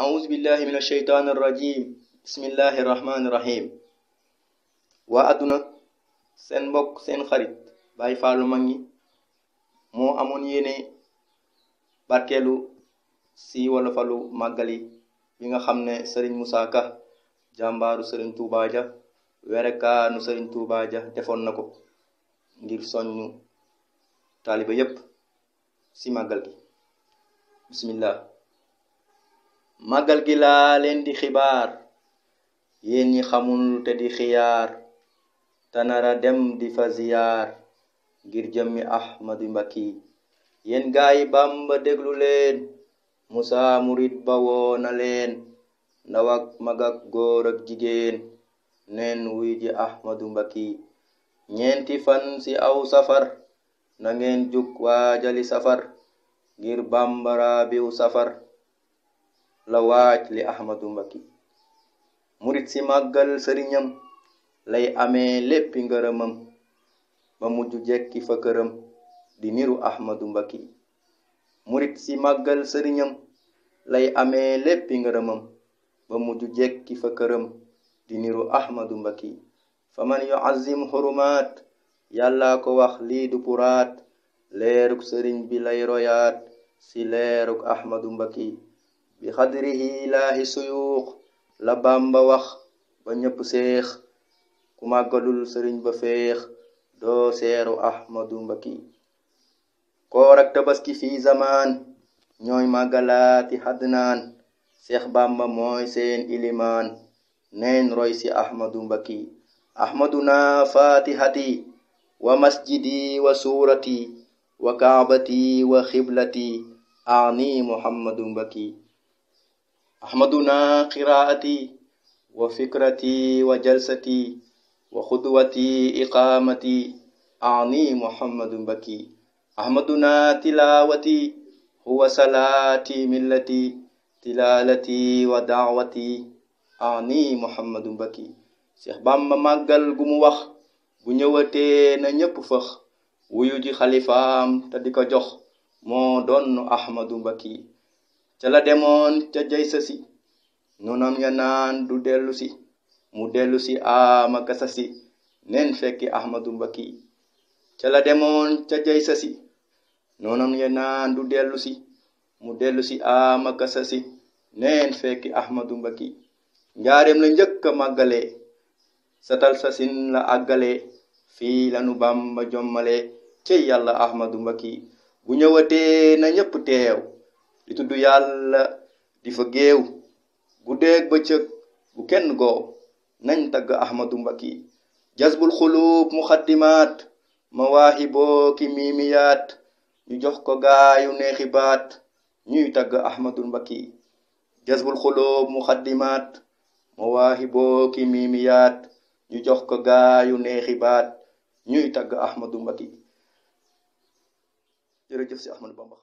أعوذ بالله من الشيطان الرجيم بسم الله الرحمن الرحيم waa àdduna seen mbokk seen xarit bay Faalu mag ñi moo amoon yéene barkeelu si wala falu màggali bi nga xam ne Serigne Moussa Ka jàmbaaru Serigne Touba kaanu werekaanu Serigne Touba Dia defoon na ko ngir soññu taaliba yépp si màggal bismillah màggal gi di xibaar yéen yi xamul te di xiyaar nara dem di fa ziyaar ngir jëmmi ahmadu mbakki yéen gaayi bamba déglu leen musa murit ba woona leen ndaw magak mag góor ak jigéen neen wuy ji ahmadu mbakki ñeenti fan ci aw safar na ngeen jug waajali safar ngir bambara biw safar la waaj li ahmadu mbakki murit si màggal sëriñam lay amee léppi ngërëmam ba mujj jekki fa di niru ahmadu mbakki murit si màggal sëriñam lay ame léppi ngërëmam ba mujj jekki fa këram di niru ahmadu mbakki fa man yuazim xurumaat yàllaa ko wax lii du puraat leeruk sëriñ bi lay royaat si leeruk ahmadu mbakki bi xadrihi laahi suyuux la bamba wax ba ñépp seex ku màggalul sëriñ ba feex doo seeru ahmadu mbaki ko ak tabaski fii zamaan ñooy màggalaati xadnaan seex bamba mooy seen ilimaan neen roy si ahmadu mbaki ahmaduna fatihati wa masjidi wa suurati wa kaabati wa xiblati ani muhammadu mbaki ahmaduna qiraati wa fikrati wa jalsati wa xudwati iqamati ani muhammadu mbaki ahmaduna tilawati huwa salati millati tilalati wa daawati ani muhammadu mbaki Cheikh Bamba màggal gu mu wax bu ñëwatee na ñépp fëx wuyu ji xalifaam te di ko jox moo doon ahmadu mbaki ca la demoon ca jay sasi si nunam ya naan du dellusi mu dellu si aamaka sa si nen fekki ahmadu mbaki ca la demoon ca jay sa si nunam ya naan du dellu mu dellu si aamaka sa si fekki ahmadu mbaki njaareem la njëkk a màggale satal sa sin la àggale fii lanu bamba jommale ci yàlla ahmadu mbaki bu ñëwatee na ñépp teew di tudd yàlla di fa géew guddeeg bëccëg bu kenn goo nañ tagg ahmadu mbaki jazbul xuluub ma mawaahiboo ki miimiyaat ñu jox ko gaayu neexi baat ñuy tagg ahmadul mbaki jazbul xuluub muxaddimaat mawaahiboo ki miimiyaat ñu jox ko gaayu neexi baat ñuy tagg ahmadu mbaki jërëjëf si ahmadu bamba